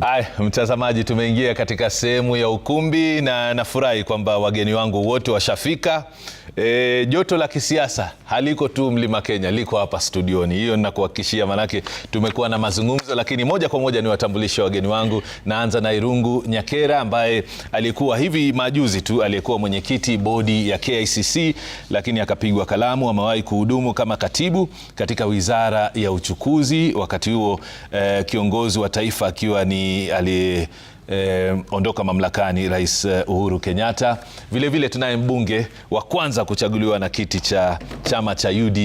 Ay, mtazamaji, tumeingia katika sehemu ya ukumbi na nafurahi kwamba wageni wangu wote washafika. E, joto la kisiasa haliko tu Mlima Kenya, liko hapa studioni, hiyo ninakuhakikishia, manake tumekuwa na mazungumzo, lakini moja kwa moja niwatambulishe wageni wangu. Naanza na Irungu Nyakera ambaye alikuwa hivi majuzi tu aliyekuwa mwenyekiti bodi ya KICC, lakini akapigwa kalamu. Amewahi kuhudumu kama katibu katika wizara ya uchukuzi, wakati huo eh, kiongozi wa taifa akiwa ni aliyeondoka eh, mamlakani Rais eh, Uhuru Kenyatta. Vilevile tunaye mbunge wa kwanza kuchaguliwa na kiti cha chama cha UDA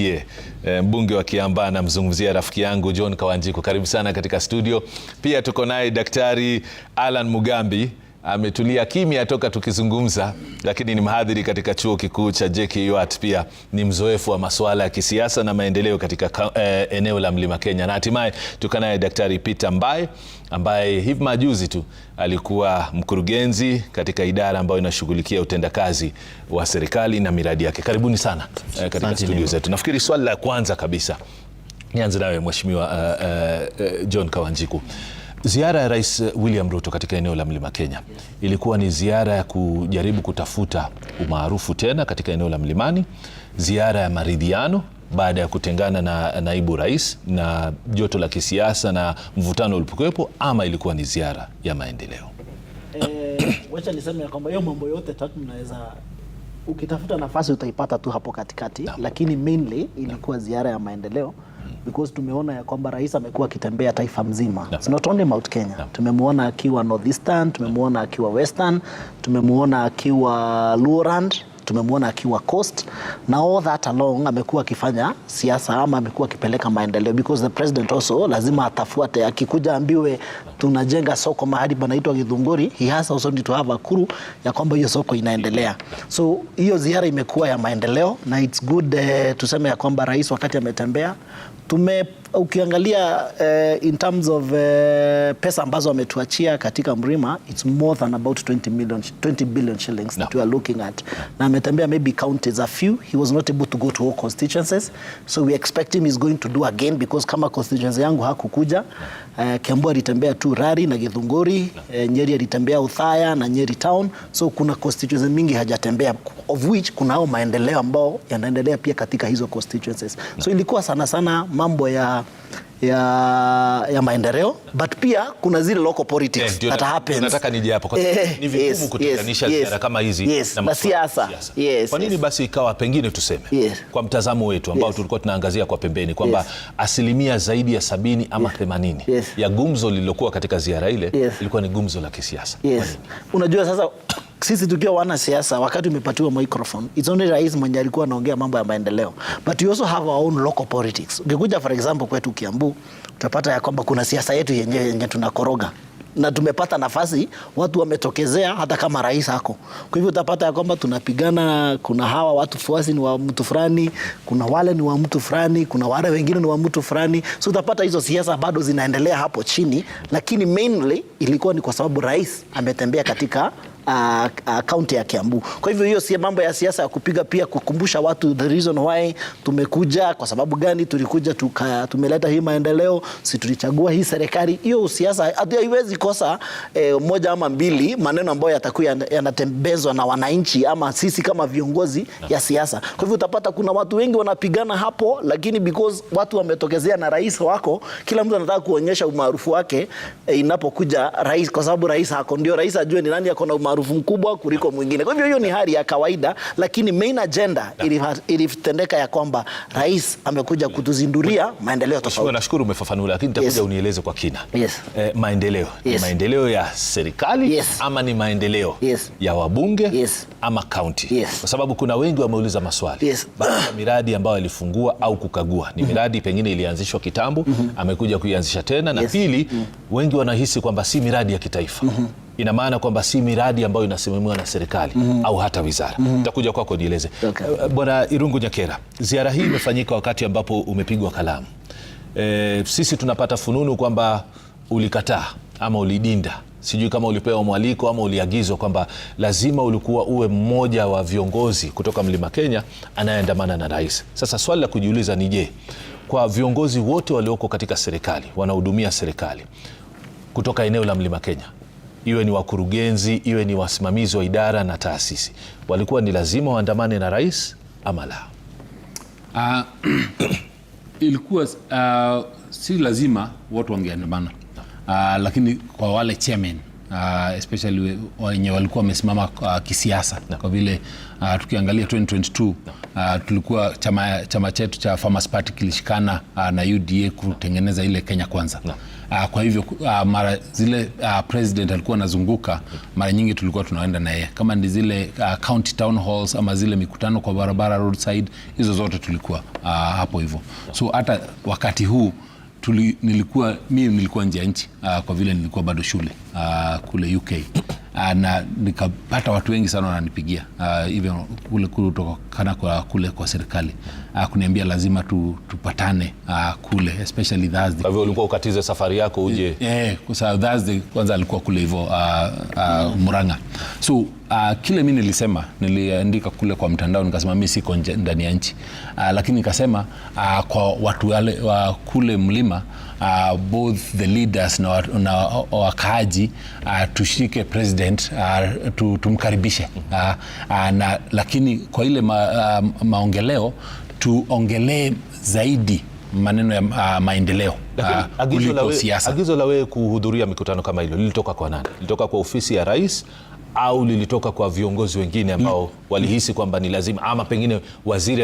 eh, mbunge wa Kiambaa, namzungumzia rafiki yangu John kawanjiko Karibu sana katika studio. Pia tuko naye Daktari Alan Mugambi ametulia kimya toka tukizungumza, lakini ni mhadhiri katika chuo kikuu cha JKUAT, pia ni mzoefu wa masuala ya kisiasa na maendeleo katika eh, eneo la Mlima Kenya, na hatimaye tukanaye Daktari Peter Mbae ambaye hivi majuzi tu alikuwa mkurugenzi katika idara ambayo inashughulikia utendakazi wa serikali na miradi yake. Karibuni sana eh, katika studio zetu. Nafikiri swali la kwanza kabisa nianze nawe Mheshimiwa uh, uh, John Kawanjiku. Ziara ya Rais William Ruto katika eneo la Mlima Kenya ilikuwa ni ziara ya kujaribu kutafuta umaarufu tena katika eneo la Mlimani, ziara ya maridhiano baada ya kutengana na naibu rais na joto la kisiasa na mvutano ulipokuwepo, ama ilikuwa ni ziara ya maendeleo? E, wacha niseme ya kwamba hiyo mambo yote tatu mnaweza ukitafuta nafasi utaipata tu hapo katikati na, lakini mainly ilikuwa na ziara ya maendeleo because tumeona ya kwamba rais amekuwa akitembea taifa mzima. It's not only Mount Kenya. Tumemuona akiwa Northeastern, tumemuona akiwa Western, tumemuona akiwa Lowland tumemwona akiwa coast na all that along amekuwa akifanya siasa ama amekuwa akipeleka maendeleo, because the president also lazima atafuate. Akikuja ambiwe tunajenga soko mahali panaitwa Githunguri, he has also need to have a kuru ya kwamba hiyo soko inaendelea. So hiyo ziara imekuwa ya maendeleo na it's good, eh, tuseme ya kwamba rais wakati ametembea तुम्हें ukiangalia uh, in terms of uh, pesa ambazo wametuachia katika mrima it's more than about 20 million 20 billion shillings no. that we are looking at no. na ametembea maybe counties a few he was not able to go to all constituencies so we expect him is going to do again because kama constituency yangu hakukuja uh, Kiambu alitembea tu Rari na Githunguri no. uh, Nyeri alitembea Uthaya na Nyeri town so kuna constituencies mingi hajatembea of which kuna hao maendeleo ambao yanaendelea pia katika hizo constituencies no. so ilikuwa sana sana mambo ya ya, ya maendeleo but pia kuna zile local politics yeah, that happens. Nataka nije hapo kwa sababu eh, ni vigumu kutenganisha ziara kama hizi na siasa. Kwa nini basi ikawa pengine tuseme yes, kwa mtazamo wetu ambao yes, tulikuwa tunaangazia kwa pembeni kwamba yes, asilimia zaidi ya sabini ama themanini yes, ya gumzo lililokuwa katika ziara ile yes, ilikuwa ni gumzo la kisiasa yes. Unajua sasa sisi tukiwa wanasiasa, wakati umepatiwa microphone, it's only rais mwenye alikuwa anaongea mambo ya maendeleo, but we also have our own local politics. Ukikuja for example kwetu Kiambu, utapata ya kwamba kuna siasa yetu yenyewe yenye tunakoroga na tumepata nafasi, watu wametokezea, hata kama rais hako. Kwa hivyo utapata ya kwamba tunapigana, kuna hawa watu fuasi ni wa mtu fulani, kuna wale ni wa mtu fulani, kuna wale wengine ni wa mtu fulani. So utapata hizo siasa bado zinaendelea hapo chini, lakini mainly ilikuwa ni kwa sababu rais ametembea katika kaunti uh, uh, ya Kiambu. Kwa hivyo hiyo si mambo ya siasa ya kupiga, pia kukumbusha watu the reason why tumekuja, kwa sababu gani tulikuja, tuka, tumeleta hii maendeleo, si tulichagua hii serikali. Hiyo siasa haiwezi kosa e, moja ama mbili maneno ambayo yatakuwa yanatembezwa na wananchi ama sisi kama viongozi ya siasa. Kwa hivyo utapata kuna watu wengi wanapigana hapo, lakini because watu wametokezea na rais wako, kila mtu anataka kuonyesha umaarufu wake e, inapokuja rais, kwa sababu rais hako ndio rais ajue ni nani ako na umaarufu umaarufu mkubwa kuliko mwingine. Kwa hivyo hiyo ni hali ya kawaida, lakini main agenda ilitendeka ya kwamba rais amekuja mm. kutuzinduria maendeleo tofauti. Nashukuru umefafanua, lakini nitakuja unieleze kwa kina. Yes. Eh, maendeleo yes. Maendeleo ya serikali yes. Ama ni maendeleo yes. ya wabunge yes. ama kaunti yes. Kwa sababu kuna wengi wameuliza maswali yes. baada ya miradi ambayo alifungua au kukagua ni mm-hmm. miradi mm -hmm. pengine ilianzishwa kitambo mm -hmm. amekuja kuianzisha tena yes. na pili mm -hmm. wengi wanahisi kwamba si miradi ya kitaifa mm -hmm ina maana kwamba si miradi ambayo inasimamiwa na serikali mm -hmm. au hata wizara mm -hmm. kwako nieleze okay. Eh, Bwana Irungu Nyakera, ziara hii imefanyika wakati ambapo umepigwa kalamu e, sisi tunapata fununu kwamba ulikataa ama ulidinda sijui kama ulipewa mwaliko ama uliagizwa kwamba lazima ulikuwa uwe mmoja wa viongozi kutoka Mlima Kenya anayeandamana na rais. Sasa swali la kujiuliza ni je, kwa viongozi wote walioko katika serikali wanahudumia serikali kutoka eneo la Mlima Kenya iwe ni wakurugenzi, iwe ni wasimamizi wa idara na taasisi, walikuwa ni lazima waandamane na rais ama la? Uh, ilikuwa uh, si lazima watu wangeandamana uh, lakini kwa wale chairman Uh, especially wenye walikuwa wamesimama uh, kisiasa no. Kwa vile uh, tukiangalia 2022 no. uh, tulikuwa chama, chama chetu cha Farmers Party kilishikana uh, na UDA kutengeneza ile Kenya Kwanza no uh, kwa hivyo uh, mara zile uh, president alikuwa anazunguka, mara nyingi tulikuwa tunaenda na yeye, kama ni zile uh, county town halls ama zile mikutano kwa barabara roadside, hizo zote tulikuwa uh, hapo hivyo. So hata wakati huu tuli, nilikuwa mimi nilikuwa nje ya nchi kwa vile nilikuwa bado shule uh, kule UK na nikapata watu wengi sana wananipigia even kule kutoka kana kwa kule kwa serikali uh, kuniambia lazima tu, tupatane uh, kule especially Thursday. Kwa hivyo ulikuwa ukatize safari yako uje? Eh, eh kwa sababu Thursday kwanza alikuwa kule hivyo uh, uh, Murang'a. So Uh, kile mi nilisema niliandika kule kwa mtandao nikasema mi siko ndani ya nchi uh, lakini nikasema uh, kwa watu wale wa kule mlima uh, both the leaders na, na wakaaji uh, tushike president uh, tumkaribishe uh, uh, na, lakini kwa ile ma, uh, maongeleo tuongelee zaidi maneno ya uh, maendeleo uh, siasa. Agizo la wewe kuhudhuria mikutano kama hilo lilitoka kwa nani? Lilitoka kwa ofisi ya rais au lilitoka kwa viongozi wengine ambao walihisi kwamba ni lazima, ama pengine waziri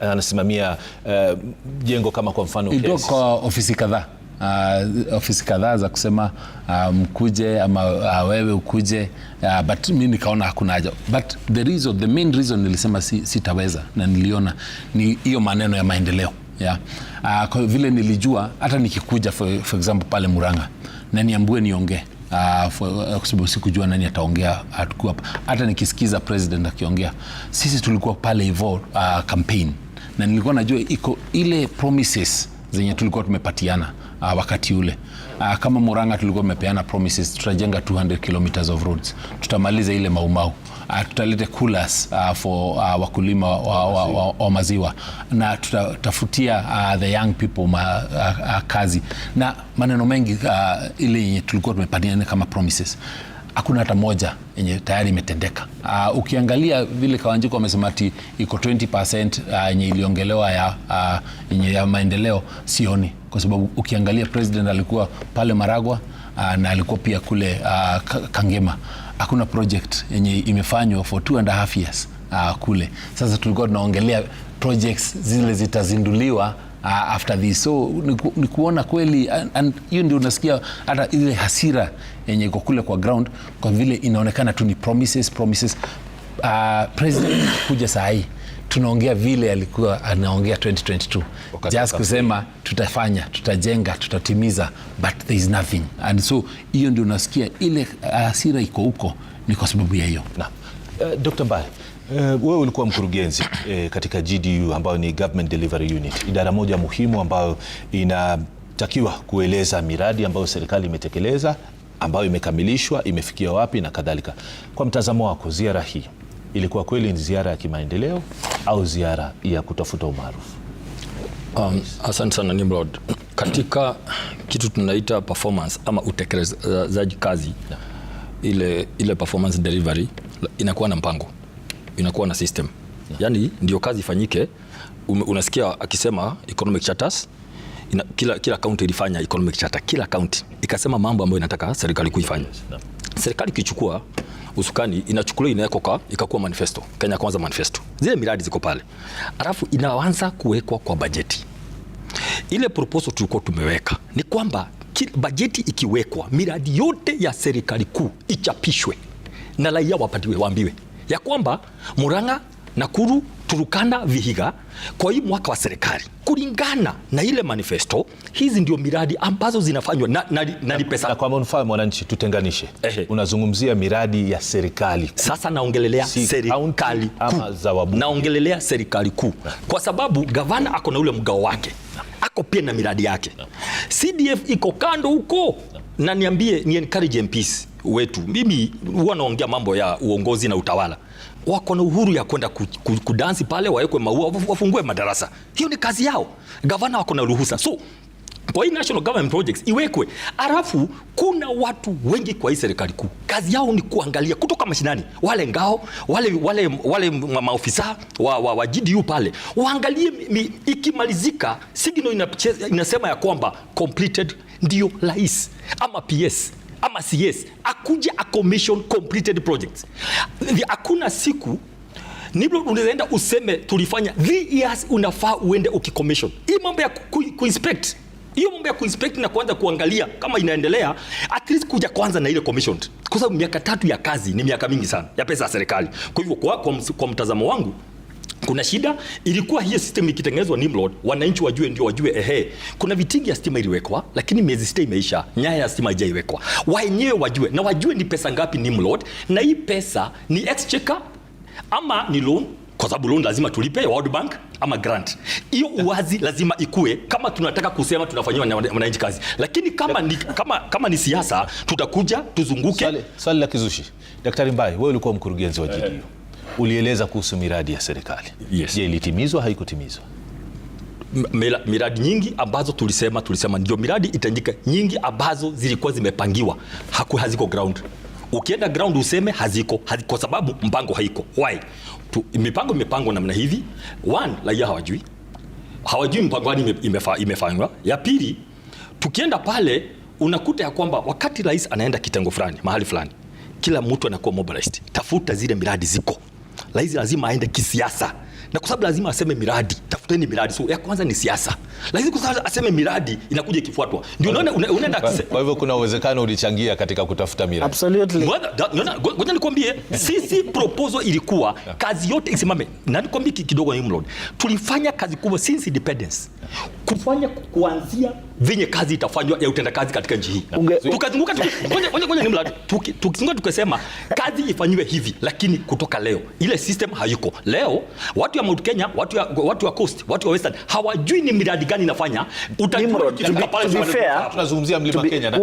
anasimamia uh, jengo kama kwa mfano, kwa ofisi kadhaa uh, ofisi kadhaa za kusema uh, mkuje ama uh, wewe ukuje uh, but mi nikaona hakuna haja, but the reason, the main reason nilisema si, sitaweza na niliona ni hiyo maneno ya maendeleo yeah. Uh, kwa vile nilijua hata nikikuja for, for example pale Murang'a na niambue niongee uh, uh, kwa sababu uh, sikujua nani ataongea, hatukuwa hata nikisikiza president akiongea. Sisi tulikuwa pale hivyo uh, campaign, na nilikuwa najua iko ile promises zenye tulikuwa tumepatiana uh, wakati ule uh, kama Murang'a tulikuwa tumepeana promises tutajenga 200 kilometers of roads, tutamaliza ile maumau uh, ah, tutalete coolers uh, for uh, wakulima wa, wa, wa, wa maziwa na tutatafutia uh, the young people ma, uh, uh, kazi na maneno mengi uh, ile yenye tulikuwa tumepatiana kama promises hakuna hata moja yenye tayari imetendeka. Uh, ukiangalia vile Kawanjiko amesema ati iko 20% yenye uh, iliongelewa ya, uh, ya maendeleo sioni kwa sababu ukiangalia president alikuwa pale Maragwa ah, na alikuwa pia kule uh, Kangema. Hakuna project yenye imefanywa for two and a half years uh, kule. Sasa tulikuwa tunaongelea projects zile zitazinduliwa Uh, after this so ni, ku, ni kuona kweli hiyo ndio unasikia hata ile hasira yenye iko kule kwa ground, kwa vile inaonekana tu ni promises promises. Uh, president kuja saa hii tunaongea vile alikuwa anaongea 2022 just kusema tutafanya, tutajenga, tutatimiza, but there is nothing and so hiyo ndio unasikia ile uh, hasira iko huko, ni kwa sababu ya hiyo. Na uh, Dr. wewe ulikuwa mkurugenzi uh, katika GDU ambayo ni Government Delivery Unit, idara moja muhimu ambayo inatakiwa kueleza miradi ambayo serikali imetekeleza ambayo imekamilishwa, imefikia wapi na kadhalika. Kwa mtazamo wako, ziara hii ilikuwa kweli ni ziara ya kimaendeleo? au ziara ya kutafuta umaarufu? Um, asante sana Nimrod. Katika kitu tunaita performance ama utekelezaji kazi yeah. Ile, ile performance delivery inakuwa na mpango, inakuwa na system yeah. Yaani ndio kazi ifanyike. um, Unasikia akisema economic charters ina, kila, kila kaunti ilifanya economic charter, kila kaunti ikasema mambo ambayo inataka serikali kuifanya yeah. Serikali ikichukua usukani, inachukuliwa inawekwa, ikakuwa manifesto, Kenya Kwanza manifesto zile miradi ziko pale, alafu inaanza kuwekwa kwa bajeti. Ile proposal tulikuwa tumeweka ni kwamba bajeti ikiwekwa, miradi yote ya serikali kuu ichapishwe na raia wapatiwe, waambiwe ya kwamba Murang'a, Nakuru Turukana Vihiga kwa hii mwaka wa serikali kulingana na ile manifesto, hizi ndio miradi ambazo zinafanywa na, na, na, na pesa. Na kwa manufaa ya mwananchi tutenganishe. Ehe. Unazungumzia miradi ya serikali Sasa naongelelea si serikali kuu, naongelelea serikali kuu kwa sababu gavana ako na ule mgao wake, ako pia na miradi yake. CDF iko kando huko, na niambie, ni encourage MPs wetu. Mimi huwa naongea mambo ya uongozi na utawala wako na uhuru ya kwenda kudansi pale, wawekwe maua, wafungue madarasa. Hiyo ni kazi yao, gavana wako na ruhusa. So kwa hii national government projects iwekwe. Alafu kuna watu wengi kwa hii serikali kuu kazi yao ni kuangalia kutoka mashinani, wale ngao wale, wale, wale maofisa wa, wa, wa GDU pale waangalie ikimalizika signal inasema ya kwamba completed ndio rais ama PS ama CS akuja a commission completed projects. Hakuna siku niblo unaenda useme tulifanya 3 years, unafaa uende ukicommission. Hii mambo ya kuinspect ku, hiyo mambo ya kuinspect na kuanza kuangalia kama inaendelea, at least kuja kwanza na ile commission, kwa sababu miaka tatu ya kazi ni miaka mingi sana ya pesa ya serikali. Kwa hivyo kwa, kwa, kwa mtazamo wangu kuna shida ilikuwa hiyo system ikitengenezwa Nimrod, wananchi wajue, ndio wajue, ehe, kuna vitingi ya stima iliwekwa, lakini miezi sita imeisha, nyaya ya stima haijaiwekwa. Wenyewe wajue na wajue ni pesa ngapi Nimrod, na hii pesa ni exchequer ama ni loan kwa sababu loan lazima tulipe World Bank ama grant. Hiyo uwazi lazima ikue, kama tunataka kusema tunafanyia wananchi kazi, lakini kama ni, kama, kama ni siasa tutakuja tuzunguke. Swali la kizushi, Daktari Mbaye, wewe ulikuwa mkurugenzi wa GDU ulieleza kuhusu miradi ya serikali. Yes. Je, ilitimizwa haikutimizwa? miradi nyingi ambazo tulisema tulisema ndio miradi itajika nyingi ambazo zilikuwa zimepangiwa haku haziko ground. Ukienda ground useme haziko, haziko kwa sababu mpango haiko. Why? Tu, mipango imepangwa namna hivi. One, raia hawajui hawajui mpango gani imefanywa Ya pili, tukienda pale unakuta ya kwamba wakati rais anaenda kitengo fulani mahali fulani, kila mtu anakuwa mobilized, tafuta zile miradi ziko rais lazima aende kisiasa, na kwa sababu lazima aseme miradi, tafuteni miradi. So ya kwanza ni siasa, lakini kwa sababu aseme miradi inakuja ikifuatwa, ndio unaona unaenda. Kwa hivyo kuna uwezekano ulichangia katika kutafuta miradi. Absolutely, unaona, ngoja nikwambie, sisi proposal ilikuwa kazi yote isimame, na nikwambie kidogo, ni mlod, tulifanya kazi kubwa since independence, kufanya kuanzia venye kazi itafanywa ya utendakazi katika nchi hii, tukazunguka jumla tukisema tukasema kazi ifanywe hivi, lakini kutoka leo ile system hayuko. Leo watu ya Mount Kenya, watu ya, watu ya Coast, watu ya Western hawajui ni miradi gani inafanya. Tunazungumzia mlima Kenya na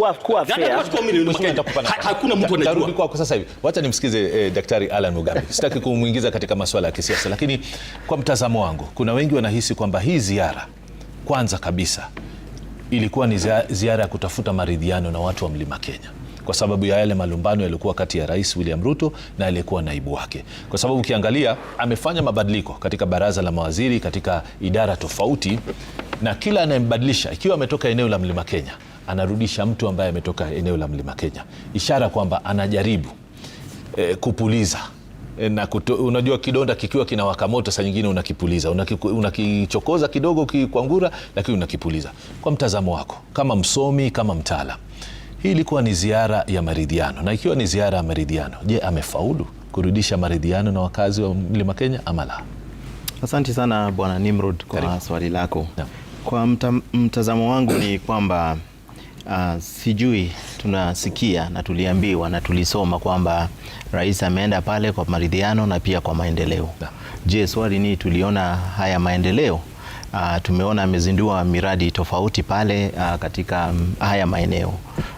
hakuna mtu anajua kwa sasa hivi. Wacha nimsikize eh, Daktari Alan Mugambi, sitaki kumuingiza katika masuala ya kisiasa, lakini kwa mtazamo wangu, kuna wengi wanahisi kwamba hii ziara kwanza kabisa ilikuwa ni ziara ya kutafuta maridhiano na watu wa mlima Kenya kwa sababu ya yale malumbano yaliyokuwa kati ya Rais William Ruto na aliyekuwa naibu wake, kwa sababu ukiangalia amefanya mabadiliko katika baraza la mawaziri, katika idara tofauti, na kila anayembadilisha, ikiwa ametoka eneo la Mlima Kenya, anarudisha mtu ambaye ametoka eneo la Mlima Kenya, ishara kwamba anajaribu e, kupuliza eh, na kuto, unajua kidonda kikiwa kinawaka moto saa nyingine unakipuliza unakichokoza, unaki kidogo, kikwangura, lakini unakipuliza. Kwa mtazamo wako kama msomi, kama mtaalam hii ilikuwa ni ziara ya maridhiano, na ikiwa ni ziara ya maridhiano, je, amefaulu kurudisha maridhiano na wakazi wa Mlima Kenya ama la? Asante sana Bwana Nimrod kwa Karibu. swali lako yeah. Kwa mta, mtazamo wangu ni kwamba uh, sijui tunasikia na tuliambiwa na tulisoma kwamba rais ameenda pale kwa maridhiano na pia kwa maendeleo yeah. Je, swali ni tuliona haya maendeleo? Uh, tumeona amezindua miradi tofauti pale uh, katika um, haya maeneo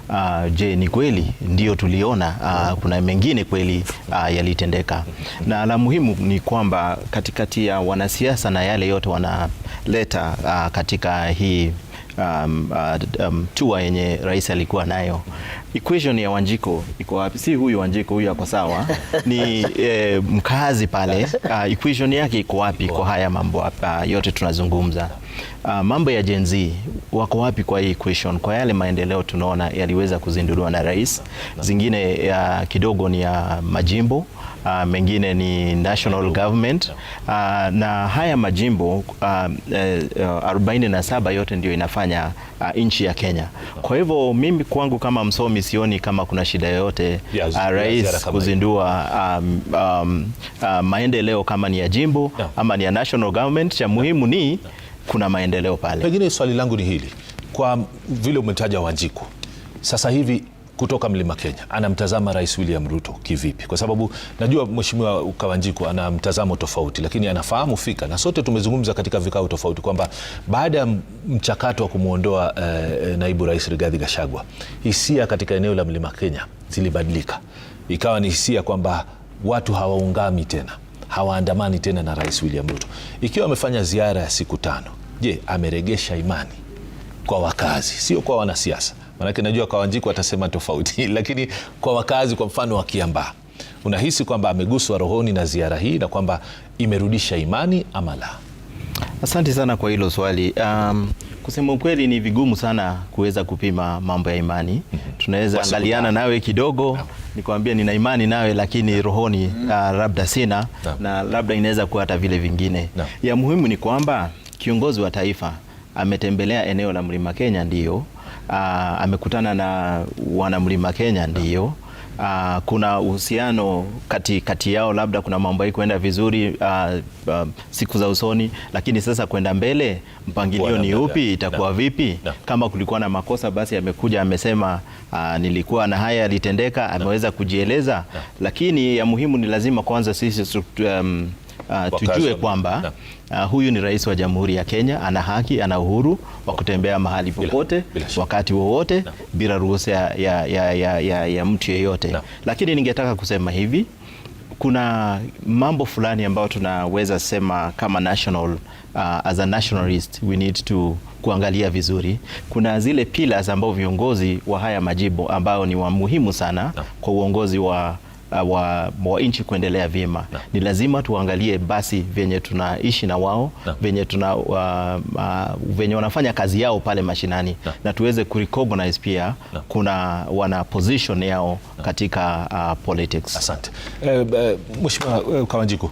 Uh, je, ni kweli ndio tuliona uh, kuna mengine kweli uh, yalitendeka, na la muhimu ni kwamba katikati ya wanasiasa na yale yote wanaleta uh, katika hii um, uh, um, tour yenye rais alikuwa nayo. Equation ya Wanjiko iko wapi? Si huyu Wanjiko, huyu ako sawa, ni eh, mkazi pale. Uh, equation yake iko wapi kwa haya mambo hapa uh, yote tunazungumza? Uh, mambo ya Gen Z wako wapi kwa hii equation, kwa yale maendeleo tunaona yaliweza kuzinduliwa na rais, zingine ya uh, kidogo ni ya majimbo uh, mengine ni national government uh, na haya majimbo uh, uh, arobaini na saba yote ndio inafanya uh, nchi ya Kenya. Kwa hivyo mimi kwangu kama msomi sioni kama kuna shida yoyote uh, rais kuzindua um, um, uh, maendeleo kama ni ya jimbo yeah, ama ni ya national government. Cha muhimu ni kuna maendeleo pale. Pengine swali langu ni hili, kwa vile umetaja Wanjiku sasa hivi kutoka Mlima Kenya anamtazama Rais William Ruto kivipi? Kwa sababu najua Mheshimiwa Kawanjiku ana mtazamo tofauti, lakini anafahamu fika, na sote tumezungumza katika vikao tofauti kwamba baada ya mchakato wa kumwondoa eh, eh, naibu rais Rigathi Gachagua, hisia katika eneo la Mlima Kenya zilibadilika, ikawa ni hisia kwamba watu hawaungami tena, hawaandamani tena na Rais William Ruto. Ikiwa amefanya ziara ya siku tano, je, ameregesha imani kwa wakazi, sio kwa wanasiasa? Maanake najua kwa Wanjiku watasema tofauti lakini kwa wakazi kwa mfano wa Kiambaa unahisi kwamba ameguswa rohoni na ziara hii na kwamba imerudisha imani ama la? Asante sana kwa hilo swali. Um, kusema ukweli ni vigumu sana kuweza kupima mambo ya imani. mm -hmm. Tunaweza angaliana nawe kidogo nikwambia nina imani nawe, lakini rohoni mm -hmm. uh, labda sina na, na labda inaweza kuwa hata vile vingine na. Ya muhimu ni kwamba kiongozi wa taifa ametembelea eneo la Mlima Kenya, ndiyo uh, amekutana na wanamlima Kenya ndio Uh, kuna uhusiano kati, kati yao labda kuna mambo hayo kuenda vizuri uh, uh, siku za usoni, lakini sasa kwenda mbele mpangilio ni upi, itakuwa vipi na? Kama kulikuwa na makosa basi amekuja amesema, uh, nilikuwa na haya yalitendeka, ameweza kujieleza na. Lakini ya muhimu ni lazima kwanza sisi um, uh, tujue kwamba uh, huyu ni rais wa Jamhuri ya Kenya, ana haki, ana uhuru wa kutembea mahali popote wakati wowote bila ruhusa ya, ya, ya, ya, ya, ya mtu yeyote Lakini ningetaka kusema hivi kuna mambo fulani ambayo tunaweza sema kama national uh, as a nationalist we need to kuangalia vizuri. Kuna zile pillars ambao viongozi wa haya majimbo ambao ni wa muhimu sana kwa uongozi wa Uh, wa, wa nchi kuendelea vyema no. Ni lazima tuangalie basi venye tunaishi na wao no. venye tuna uh, uh, venye wanafanya kazi yao pale mashinani no. na tuweze kurecognize pia no. kuna wana position yao no. katika uh, politics. Asante. Eh, eh, Mheshimiwa eh, Kawanjiku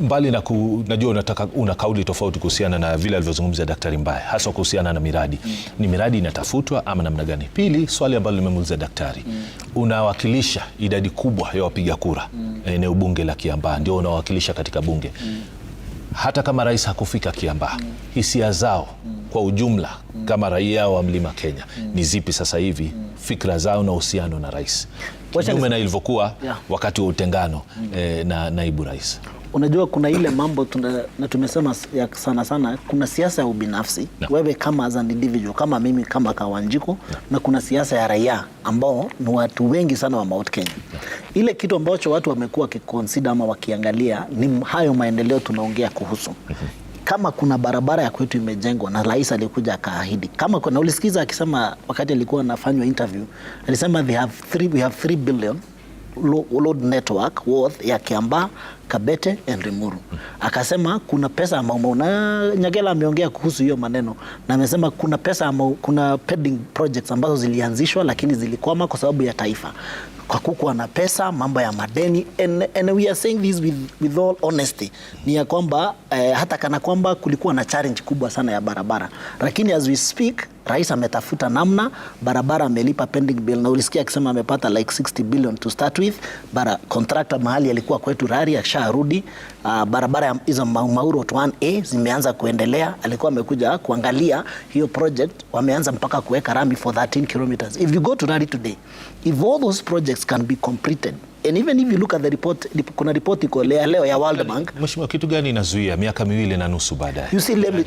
mbali na ku, najua unataka una kauli tofauti kuhusiana na vile alivyozungumza Daktari Mbae hasa kuhusiana na miradi mm. ni miradi inatafutwa ama namna gani? Pili, swali ambalo limemuuliza daktari mm. unawakilisha idadi kubwa ya wapiga kura mm. eneo bunge la Kiambaa, ndio unawakilisha katika bunge mm. hata kama rais hakufika Kiambaa mm. hisia zao mm. kwa ujumla mm. kama raia wa mlima Kenya mm. ni zipi sasa hivi mm. fikra zao na uhusiano na rais kinyume na ilivyokuwa yeah. wakati wa utengano mm. eh, na naibu rais Unajua kuna ile mambo tuna, na tumesema ya sana sana, kuna siasa ya ubinafsi no. Wewe kama as an individual kama mimi kama Kawanjiko no. Na kuna siasa ya raia ambao ni watu wengi sana wa Mount Kenya no. Ile kitu ambacho watu wamekuwa wakikonsida ama wakiangalia ni hayo maendeleo tunaongea kuhusu mm -hmm kama kuna barabara ya kwetu imejengwa na rais alikuja akaahidi, kama kuna ulisikiza akisema wakati alikuwa anafanywa interview alisema they have three, we have 3 billion road network worth ya Kiambaa, Kabete and Rimuru. Akasema kuna pesa ambao na Nyagela ameongea kuhusu hiyo maneno na amesema kuna pesa ama, kuna pending projects ambazo zilianzishwa lakini zilikwama kwa sababu ya taifa kwa kukuwa na pesa, mambo ya madeni and, and we are saying this with, with all honesty ni ya kwamba eh, hata kana kwamba kulikuwa na challenge kubwa sana ya barabara, lakini as we speak Rais ametafuta namna, barabara amelipa pending bill, na ulisikia akisema amepata like 60 billion to start with. Bara contractor mahali alikuwa kwetu rari asharudi. Uh, barabara hizo Mauro 1A zimeanza kuendelea. Alikuwa amekuja kuangalia hiyo project, wameanza mpaka kuweka rami for 13 kilometers. If you go to rari today, if all those projects can be completed And even if you look at the report, kuna report iko leo leo ya World Bank. Mheshimiwa, kitu gani inazuia miaka miwili na nusu baadaye? You see, let me,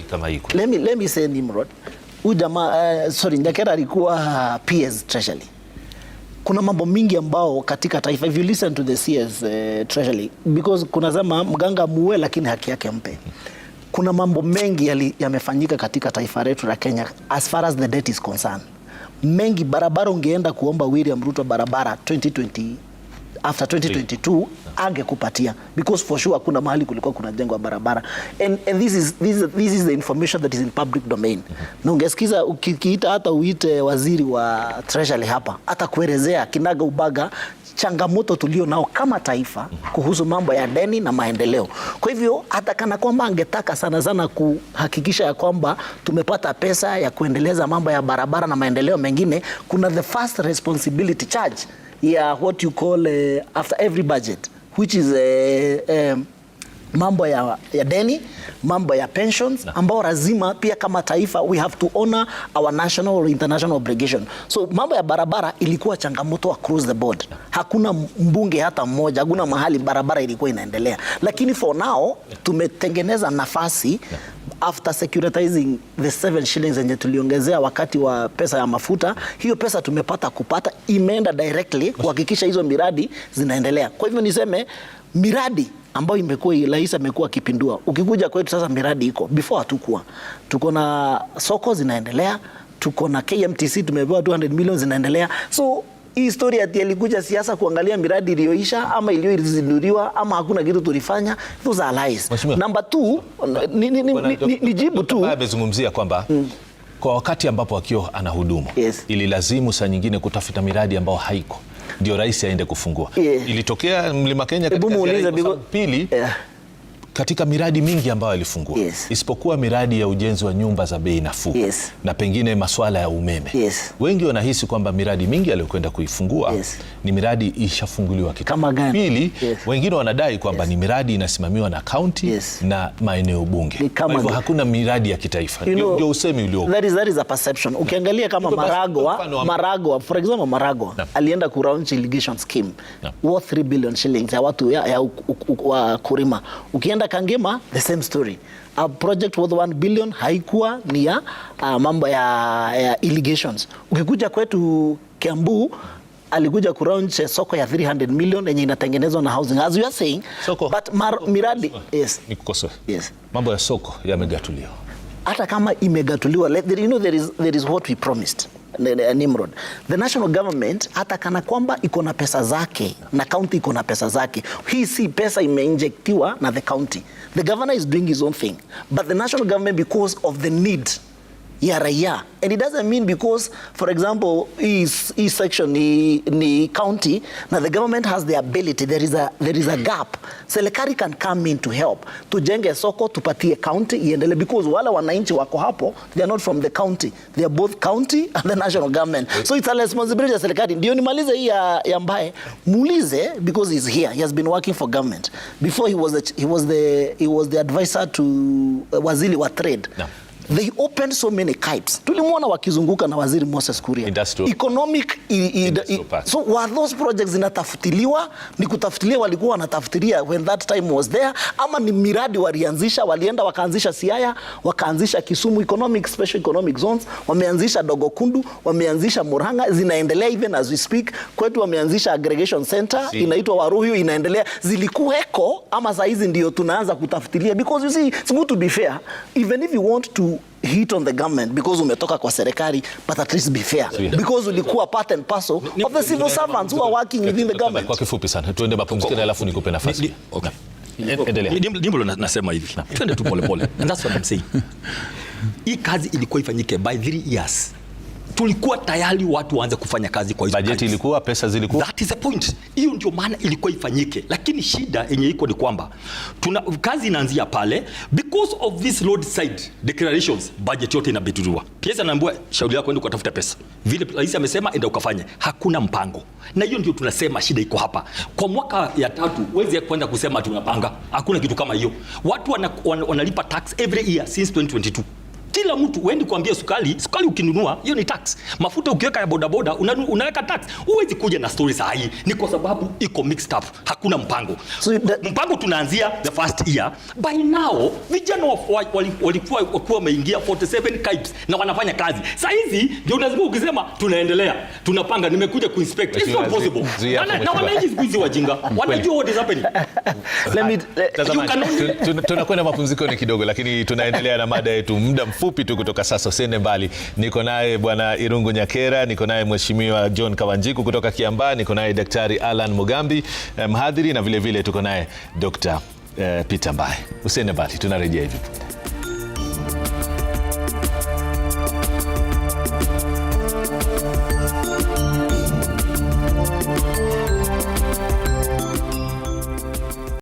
let me, let me say Nimrod, huyu jamaa uh, sorry Nyakera alikuwa PS Treasury. Kuna mambo mingi ambao katika taifa, if you listen to the CS uh, eh, Treasury because kuna zama mganga muue, lakini haki yake mpe. Kuna mambo mengi yamefanyika katika taifa letu la Kenya as far as the debt is concerned, mengi barabara. Ungeenda kuomba William Ruto barabara 2020 after 2022 angekupatia because for sure kuna mahali kulikuwa kuna jengo barabara and, and this is, this, is, this is the information that is in public domain mm -hmm. na ungesikiza ukiita hata uite waziri wa treasury hapa hata kuelezea kinaga ubaga changamoto tulio nao kama taifa mhm. kuhusu mambo ya deni na maendeleo. Kwa hivyo hata kana kwamba angetaka sana sana kuhakikisha ya kwamba tumepata pesa ya kuendeleza mambo ya barabara na maendeleo mengine, kuna the first responsibility charge ya what you call uh, after every budget which is uh, um, mambo ya, ya deni, mambo ya pensions ambao lazima pia kama taifa we have to honor our national or international obligation. So mambo ya barabara ilikuwa changamoto across the board, hakuna mbunge hata mmoja, hakuna mahali barabara ilikuwa inaendelea, lakini for now tumetengeneza nafasi after securitizing the 7 shillings yenye tuliongezea wakati wa pesa ya mafuta, hiyo pesa tumepata kupata imeenda directly kuhakikisha hizo miradi zinaendelea. Kwa hivyo niseme miradi ambayo imekuwa rais amekuwa akipindua. Ukikuja kwetu sasa, miradi iko before, hatukuwa tuko na soko zinaendelea, tuko na KMTC tumepewa 200 million zinaendelea so hii story ati alikuja siasa kuangalia miradi iliyoisha ama iliyozinduliwa ama hakuna kitu tulifanya, those are lies. Number 2 nijibu tu, amezungumzia kwamba mm. kwa wakati ambapo akiwa anahudumu yes, ililazimu saa nyingine kutafuta miradi ambayo haiko ndio rais aende kufungua. Yeah. Ilitokea Mlima Kenya katika pili, yeah katika miradi mingi ambayo alifungua yes. Isipokuwa miradi ya ujenzi wa nyumba za bei nafuu yes. Na pengine masuala ya umeme yes. Wengi wanahisi kwamba miradi mingi aliyokwenda kuifungua yes. Ni miradi ishafunguliwa kitambo. Pili yes. Wengine wanadai kwamba yes. Ni miradi inasimamiwa na kaunti yes. Na maeneo bunge, kwa hivyo hakuna miradi ya kitaifa. Ndio usemi ulio that is, that is a perception. Ukiangalia kama Maragwa, Maragwa for example, Maragwa alienda ku launch irrigation scheme worth 3 billion shillings ya watu ya, ya, ya, ya, ya, ya, ya, ya, ya, Uganda Kangema, the same story. A project worth 1 billion haikuwa ni ya uh, mambo ya, ya irrigations. Ukikuja kwetu Kiambu alikuja ku launch soko ya 300 million yenye inatengenezwa na housing as you are saying soko. But mar, miradi yes. Nikukose. Yes. Mambo ya soko yamegatuliwa hata kama imegatuliwa, you know, there is, there is what we promised Nimrod. The national government hata kana kwamba iko na pesa zake na county iko na pesa zake, hii si pesa imeinjectiwa na the county. The governor is doing his own thing but the national government because of the need ya raia and it doesn't mean because for example is hii section ni, ni county na the government has the ability there is a, there is a gap serikali can come in to help tujenge soko tupatie county iendelee because wale wananchi wako hapo they are not from the county they are both county and the national government so it's a responsibility ya serikali ndio nimalize hii ya, ya Mbae muulize because he's here he has been working for government before he was the, he was the, he was the advisor to uh, waziri wa trade no. They opened so many kites. Tulimwona wakizunguka na Waziri Moses Kuria. Industrial. Economic Industrial Park. So were those projects zinatafutiliwa? Ni kutafutilia walikuwa wanatafutilia when that time was there ama ni miradi walianzisha, walienda wakaanzisha Siaya, wakaanzisha Kisumu Economic Special Economic Zones, wameanzisha Dogo Kundu, wameanzisha Murang'a, zinaendelea even as we speak. Kwetu wameanzisha aggregation center si, inaitwa Waruhu inaendelea. Zilikuweko ama saa hizi ndio tunaanza kutafutilia because you see, it's good to be fair even if you want to hit on the government because umetoka kwa serikali but at least be fair because ulikuwa part and parcel of the civil servants who are working within the government. Kwa kifupi sana, tuende na alafu nikupe nafasi. Okay. Ndimbo nasema hivi. Tuende tu pole pole. And that's what I'm saying. Hii kazi ilikuwa ifanyike by 3 years tulikuwa tayari watu waanze kufanya kazi kwa hizo bajeti, ilikuwa pesa zilikuwa, that is the point. Hiyo ndio maana ilikuwa ifanyike, lakini shida yenye iko ni kwamba tuna kazi inaanzia pale, because of this roadside declarations, budget yote inabiduriwa. Pesa naambiwa, shauri yako enda kutafuta pesa, vile rais amesema, enda ukafanye. Hakuna mpango, na hiyo ndio tunasema shida iko hapa. Kwa mwaka ya tatu wezi kwenda kusema tunapanga, hakuna kitu kama hiyo. Watu wanalipa wana, wana tax every year since 2022 kila mtu uendi kuambia sukari, sukari ukinunua hiyo ni tax. Mafuta ukiweka ya bodaboda unaweka tax. Huwezi kuja na story za hii, ni kwa sababu iko mixed up, hakuna mpango. So that... mpango tunaanzia the first year. By now vijana walikuwa wakuwa wameingia 47 KIPs na wanafanya kazi. Saa hizi ndio unazima ukisema tunaendelea, tunapanga, nimekuja kuinspect. It's not possible. Na wananchi siku hizi wajinga, wanajua what is happening. Let me tunakwenda mapumzikoni kidogo, lakini tunaendelea na mada yetu muda fupi tu kutoka sasa, usiende mbali. Niko naye bwana Irungu Nyakera, niko naye mheshimiwa John Kawanjiku kutoka Kiambaa, niko naye daktari Alan Mugambi eh, mhadhiri, na vilevile tuko naye Dr. Eh, Peter Mbae. Usiende mbali, tunarejea hivi